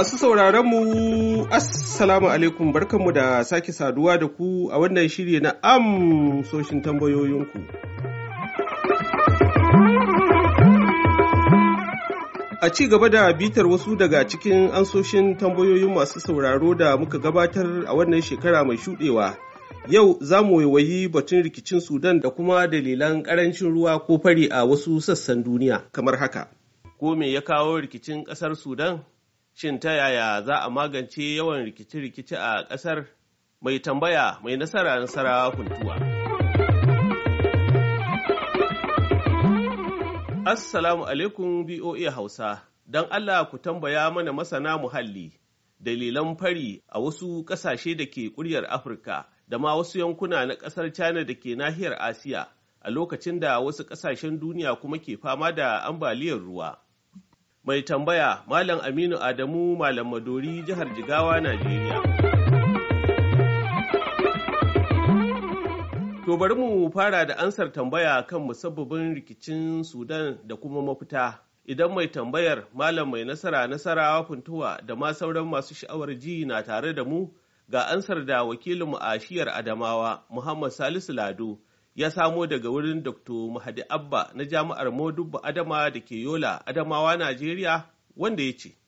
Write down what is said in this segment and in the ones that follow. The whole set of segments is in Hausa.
Masu mu Assalamu alaikum barkanmu da sake saduwa da ku a wannan shirye na amsoshin tambayoyinku. A ci gaba da bitar wasu daga cikin ansoshin tambayoyin masu sauraro da muka gabatar a wannan shekara mai shuɗewa. Yau za mu waiwayi batun rikicin Sudan da kuma dalilan ƙarancin ruwa ko fari a wasu sassan duniya kamar haka. Ko me ya kawo rikicin ƙasar Sudan? Shin ta yaya za a magance yawan rikici-rikici a ƙasar? Mai tambaya mai nasara nasara kuntuwa. Assalamu alaikum BOA Hausa, don Allah ku tambaya mana masana muhalli, dalilan fari a wasu ƙasashe da ke ƙuryar Afirka da ma wasu yankuna na ƙasar China da ke nahiyar Asiya. a lokacin da wasu ƙasashen duniya kuma ke fama da ambaliyar ruwa. Mai tambaya Malam Aminu Adamu Malam Madori jihar Jigawa, Najeriya. To bari mu fara da ansar tambaya kan musabbabin rikicin Sudan da kuma mafita. Idan mai tambayar Malam mai nasara nasara wafintuwa da ma sauran masu sha'awar ji na tare da mu ga ansar da wakilinmu a shiyar Adamawa Muhammad Salisu Lado ya samo daga wurin Dr. Mahadi Abba na Jami'ar Modubba Adama da ke Yola, Adamawa, Najeriya, wanda ya ce.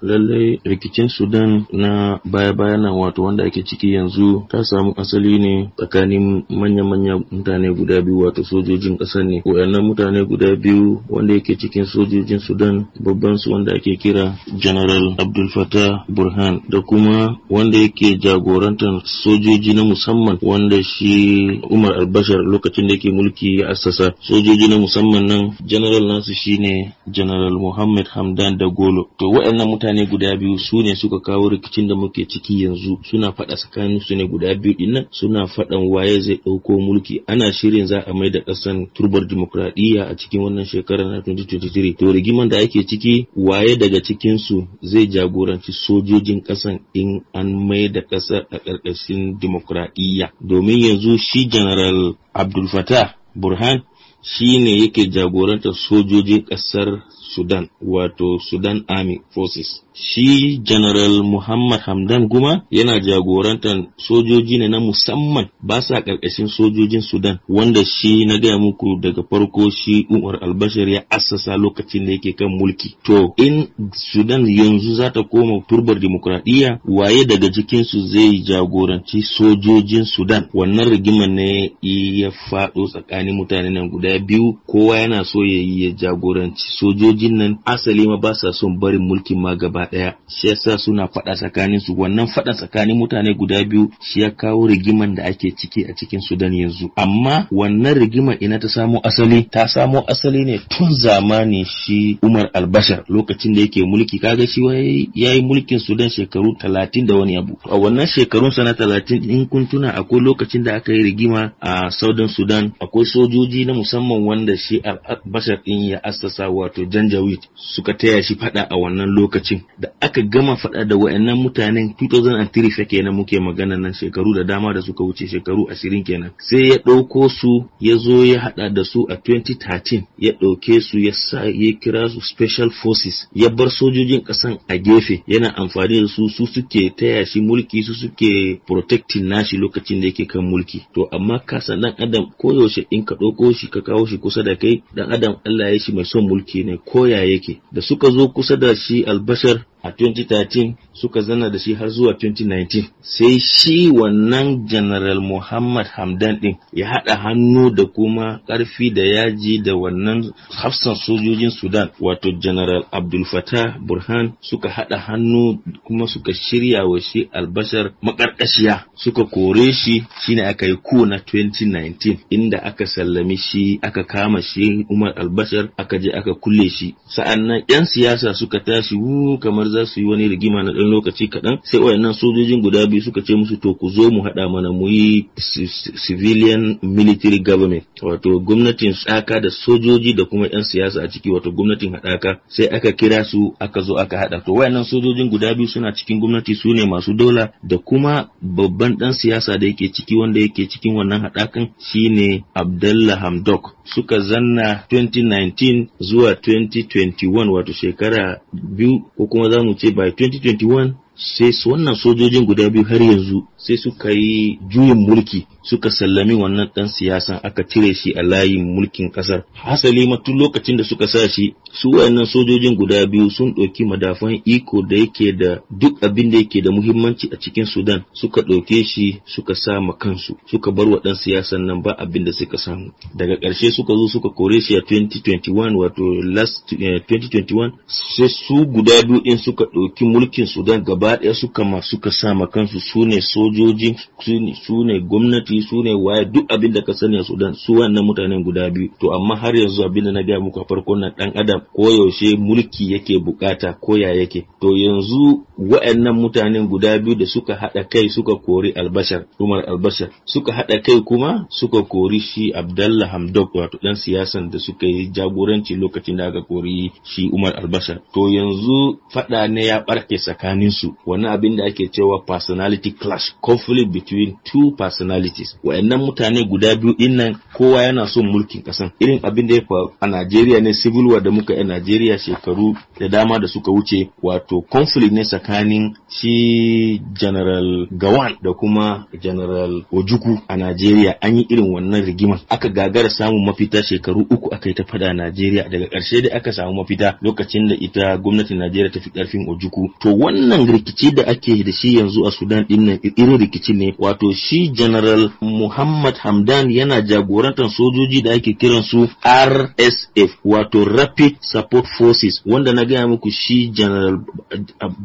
lallai rikicin sudan na baya-baya na wato wanda ake ciki yanzu ta samu asali ne tsakanin manya-manya mutane guda biyu wato sojojin ƙasar ne wayannan mutane guda biyu wanda yake cikin sojojin sudan babban su wanda ake kira general abdul fatah burhan da kuma wanda yake jagorantar sojoji na musamman wanda shi umar albashar lokacin da yake mulki ya assasa sojoji na musamman nan general nasu shine general muhammad hamdan dagolo to wayannan mutane mutane guda biyu su ne suka kawo rikicin da muke ciki yanzu suna faɗa tsakanin su ne guda biyu dinnan suna faɗan waye zai ɗauko mulki ana shirin za a mai da ƙasan turbar dimokuraɗiyya a cikin wannan shekarar na 2023 to rigiman da ake ciki waye daga cikin su zai jagoranci sojojin ƙasan in an mai da ƙasar a ƙarƙashin dimokuraɗiyya domin yanzu shi general abdul fatah burhan shi ne yake jagorantar sojojin ƙasar Sudan, wato Sudan Army Forces. Shi General Muhammad Hamdan Guma yana jagorantar sojoji ne na musamman ba sa ƙarƙashin sojojin Sudan, wanda shi na gaya muku daga farko shi Umar Albashir ya assasa lokacin da yake kan mulki. To, in Sudan yanzu za ta koma turbar dimokuraɗiyya, waye daga cikinsu zai jagoranci sojojin Sudan? Wannan rigimar ne ya faɗo tsakanin mutanen nan guda guda biyu kowa yana so ya yi ya jagoranci sojojin nan asali ma ba sa son barin mulkin ma gaba daya shi yasa suna faɗa tsakanin su wannan faɗan tsakanin mutane guda biyu shi ya kawo rigiman da ake ciki a cikin Sudan yanzu amma wannan rigimar ina ta samo asali ta samo asali ne tun zamani shi Umar Albashar lokacin da yake mulki kaga shi ya yi mulkin Sudan shekaru talatin da wani abu a wannan shekarun sana talatin in kun tuna akwai lokacin da aka yi rigima a Southern Sudan akwai sojoji na musamman musamman wanda shi bashar ɗin ya assasa wato janjawid suka taya shi fada a wannan lokacin da aka gama fada da wayannan mutanen 2003 fa kenan muke magana nan shekaru da dama da suka wuce shekaru 20 kenan sai ya ɗauko su ya zo ya hada da su a 2013 ya ɗauke su ya sa ya kira su special forces ya bar sojojin kasan a gefe yana amfani da su su suke taya shi mulki su suke protecting nashi lokacin da yake kan mulki to amma kasan dan adam ko yaushe in ka ɗauko shi ka kawo shi kusa da kai dan adam Allah ya shi mai son mulki ne ko ya yake da suka zo kusa da shi albashar a 2013 suka zana da shi har zuwa 2019 sai shi wannan general muhammad hamdan din ya haɗa hannu da kuma ƙarfi da yaji da wannan hafsan sojojin sudan wato general abdul fatah burhan suka haɗa hannu kuma suka shirya wa shi albashar maƙarƙashiya suka kore shi shine aka yi ku na 2019 inda aka sallami shi aka kama shi umar albashar aka je aka kulle shi sa'annan 'yan siyasa suka tashi wu kamar za su yi wani rigima na ɗan lokaci kaɗan sai wayannan sojojin guda biyu suka ce musu to ku zo mu haɗa mana mu yi civilian military government wato gwamnatin tsaka da sojoji da kuma 'yan siyasa a ciki wato gwamnatin haɗaka sai aka kira su aka zo aka haɗa to wayannan sojojin guda biyu suna cikin gwamnati su ne masu dola da kuma babban ɗan siyasa da yake ciki wanda yake cikin wannan haɗakan shine Abdallah Hamdok suka zanna 2019 zuwa 2021 wato shekara biyu ko kuma za Muche by 2021 sai wannan sojojin guda biyu har yanzu sai suka yi juyin mulki suka sallami wannan dan siyasan aka cire shi a layin mulkin kasar hasali ma tun lokacin da suka sa shi su wayannan sojojin guda biyu sun ɗauki madafan iko da yake da duk abin da yake da muhimmanci a cikin sudan suka ɗauke shi suka sa ma kansu suka bar wa dan siyasan nan ba abin da suka samu daga ƙarshe suka zo suka kore shi a 2021 wato last 2021 eh, sai su guda biyu din suka ɗauki mulkin sudan gaba gaba suka ma suka sa ma kansu su ne sojoji su ne gwamnati su ne waye duk abinda ka sani a Sudan su wannan mutanen guda biyu to amma har yanzu abin da na gaya muku a farkon nan ɗan adam ko yaushe mulki yake bukata ko ya yake to yanzu wa'annan mutanen guda biyu da suka haɗa kai suka kori albashar Umar albashar suka haɗa kai kuma suka kori shi Abdallah Hamdok wato dan siyasan da suka yi jagoranci lokacin da aka kori shi Umar albashar to yanzu faɗa ne ya ɓarke tsakaninsu wani abin da ake cewa personality clash conflict between two personalities wa'annan mutane guda biyu din nan kowa yana son mulkin kasan irin abin da ya faru a Najeriya ne civil war da muka yi Najeriya shekaru da dama da suka wuce wato conflict ne tsakanin shi general Gawan da kuma general Ojuku a Najeriya an yi irin wannan rigimar aka gagara samun mafita shekaru uku aka yi ta fada a Najeriya daga ƙarshe dai aka samu mafita lokacin da ita gwamnatin Najeriya ta fi ƙarfin Ojuku to wannan rikici da ake da shi yanzu a Sudan din nan irin rikici ne wato shi General Muhammad Hamdan yana jagorantar sojoji da ake kiran su RSF wato Rapid Support Forces wanda na gaya muku shi General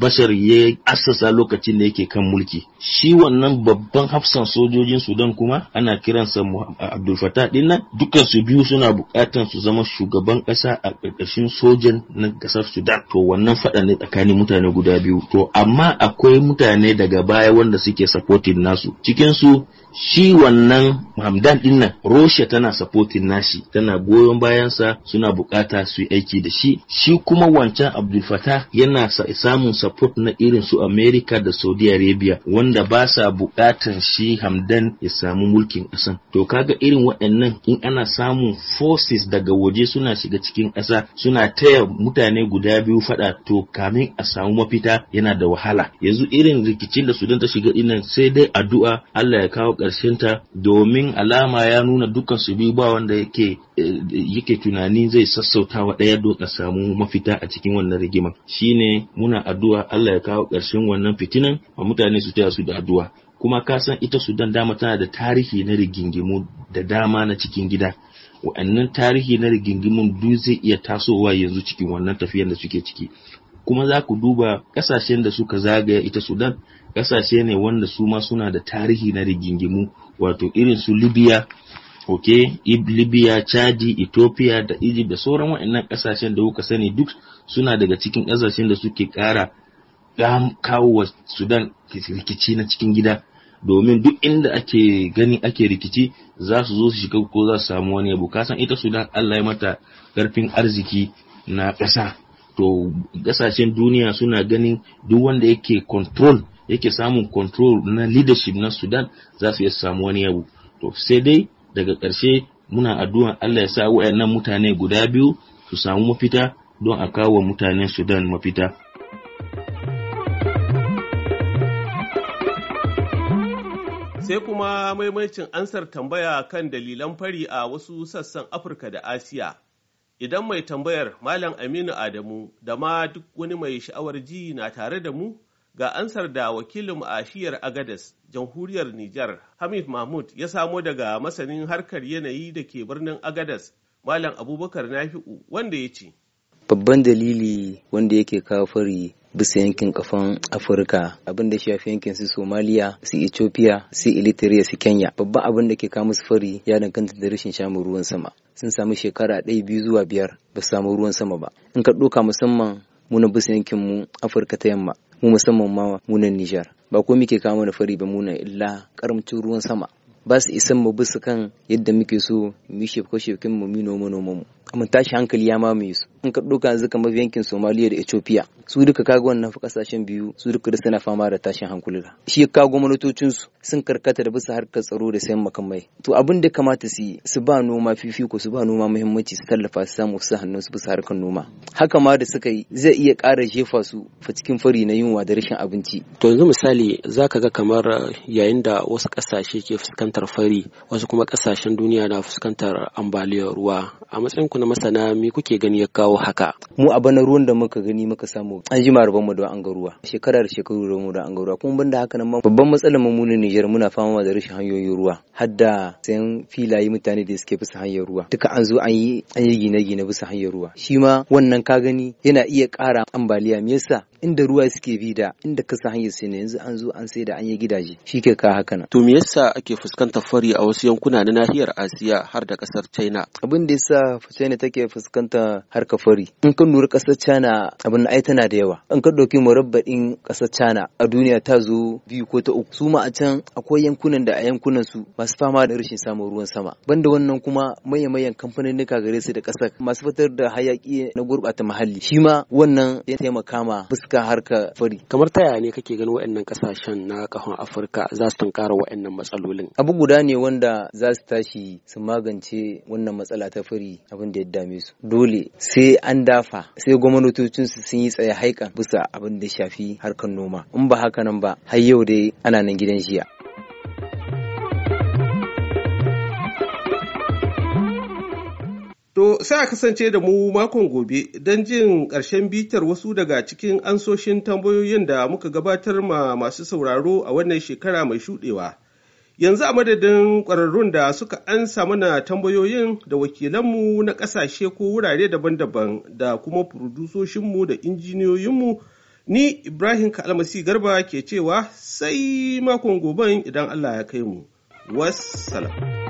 Bashar ya assasa lokacin da yake kan mulki shi wannan babban hafsan sojojin Sudan kuma ana kiransa Abdul Fattah din nan dukkan su biyu suna bukatan su zama shugaban kasa a ƙarƙashin sojan na ƙasar Sudan to wannan faɗa ne tsakanin mutane guda biyu to a amma akwai mutane daga baya wanda suke supporting nasu cikin su shi wannan Hamdan din nan Russia tana supporting nashi tana goyon bayansa suna bukata su yi aiki da shi shi kuma wancan Abdul Fattah yana samun support na irin su America da Saudi Arabia wanda ba sa bukatan shi Hamdan ya samu mulkin kasan to kaga irin waɗannan in ana samun forces daga waje suna shiga cikin ƙasa suna taya mutane guda biyu faɗa to kamin a samu mafita yana da wahala yanzu irin rikicin da Sudan ta shiga dinnan sai dai addu'a Allah ya kawo ta domin alama ya nuna dukkan su biyu ba wanda yake eh, yake tunani zai sassauta wa ɗaya don a samu mafita a cikin wannan rigima shine muna addu'a Allah ya kawo ƙarshen wannan fitinan a mutane su taya su da addu'a kuma ka san ita Sudan dama tana da tarihi na rigingimu da dama na cikin gida wa'annan tarihi na rigingimun duk zai iya tasowa yanzu cikin wannan tafiyar da suke ciki kuma za ku duba kasashen da suka zagaya ita sudan kasashe ne wanda su ma suna da tarihi na rigingimu wato irin su libya ok libya chadi ethiopia da egypt da sauran waɗannan kasashen da kuka sani duk suna daga cikin kasashen da suke kara kawo wa sudan rikici na cikin gida domin duk inda ake gani ake rikici za su zo su shiga ko za su samu wani abu kasan ita sudan allah ya mata karfin arziki na ƙasa to kasashen duniya suna ganin duk wanda yake control yake samun control na leadership na sudan za su iya samu wani abu to sai dai daga ƙarshe muna addu'a allah ya sa wayannan mutane guda biyu su samu mafita don a kawo mutanen sudan mafita sai kuma maimaicin ansar tambaya kan dalilan fari a wasu sassan afirka da asiya Idan mai tambayar Malam Aminu Adamu da ma duk wani mai sha'awar ji na tare da mu ga ansar da wakilin a shiyar Agadas, jamhuriyar Nijar, Hamid Mahmud ya samo daga masanin harkar yanayi da ke birnin Agadas, Malam Abubakar Nafi'u wanda ya ce. babban dalili wanda yake kawo fari bisa yankin kafan afirka abin da shafi yankin su somaliya su ethiopia su eritrea su kenya babban abin da ke kawo musu fari ya danganta da rashin samun ruwan sama sun samu shekara ɗaya biyu zuwa biyar ba su samu ruwan sama ba in ka ɗoka musamman munan bisa yankin mu afirka ta yamma mu musamman ma munan nijar ba ko muke kawo mana fari ba muna illa karamcin ruwan sama ba su isan mu bisa kan yadda muke so mu shefko shefkin mu mu noma noma mu amma tashi hankali ya mamaye su in ka ɗauka yanzu kamar yankin somaliya da ethiopia su duka kago wannan fa kasashen biyu su duka da suna fama da tashin hankula shi ya manotocin su sun karkata da bisa harkar tsaro da sayan makamai to abin da kamata su yi su ba noma fifiko su ba noma muhimmanci su tallafa su samu su hannun su bisa harkar noma haka ma da suka yi zai iya ƙara jefa su fa cikin fari na yunwa da rashin abinci to yanzu misali zaka ga kamar yayin da wasu ƙasashe ke fuskantar fari wasu kuma kasashen duniya na fuskantar ambaliyar ruwa a matsayin ku na masana me kuke gani ya kawo kawo haka mu a bana ruwan da muka gani muka samu an jima rabon mu da an ga ruwa shekarar shekaru da mu da an ga ruwa kuma banda haka nan babban matsalar mu ne Niger muna fama da rashin hanyoyin ruwa hadda sayan filaye mutane da suke bisa hanyar ruwa duka an zo an yi an yi gine-gine bisa hanyar ruwa shi ma wannan ka gani yana iya ƙara ambaliya me yasa inda ruwa suke bi da inda kasa hanyar sai ne yanzu an zo an sai da an yi gidaje shi ke ka haka nan. To me yasa ake fuskantar fari a wasu yankuna na nahiyar Asiya har da kasar China? Abin da yasa China take fuskanta harka fari in ka lura kasar China abin ai tana da yawa in ka ɗauki murabba'in kasar China a duniya ta zo biyu ko ta uku su ma a can akwai yankunan da a yankunan su masu fama da rashin samun ruwan sama banda wannan kuma mayan kamfaninnika gare su da kasar masu fitar da hayaki na gurɓata muhalli shi ma wannan ya taimaka ma fuskantar har ka fari kamar ta yaya ne kake ganin waɗannan kasashen na kahon afirka za su tunkara waɗannan matsalolin abu guda ne wanda za su tashi su magance wannan matsala ta fari abin da ya dame su dole sai an dafa sai gwamnatocin su sun yi tsaye haikan bisa abin da shafi harkar noma in ba haka nan ba har yau dai ana nan gidan jiya To sai a kasance da mu makon gobe don jin ƙarshen bitar wasu daga cikin ansoshin tambayoyin da muka gabatar ma masu sauraro a wannan shekara mai shuɗewa. Yanzu a madadin ƙwararrun da suka ansa mana tambayoyin da wakilanmu na ƙasashe ko wurare daban-daban da kuma furdusoshinmu da injiniyoyinmu ni Ibrahim Kalmasi Garba ke cewa sai makon goben idan Allah ya kai mu. Wassalam.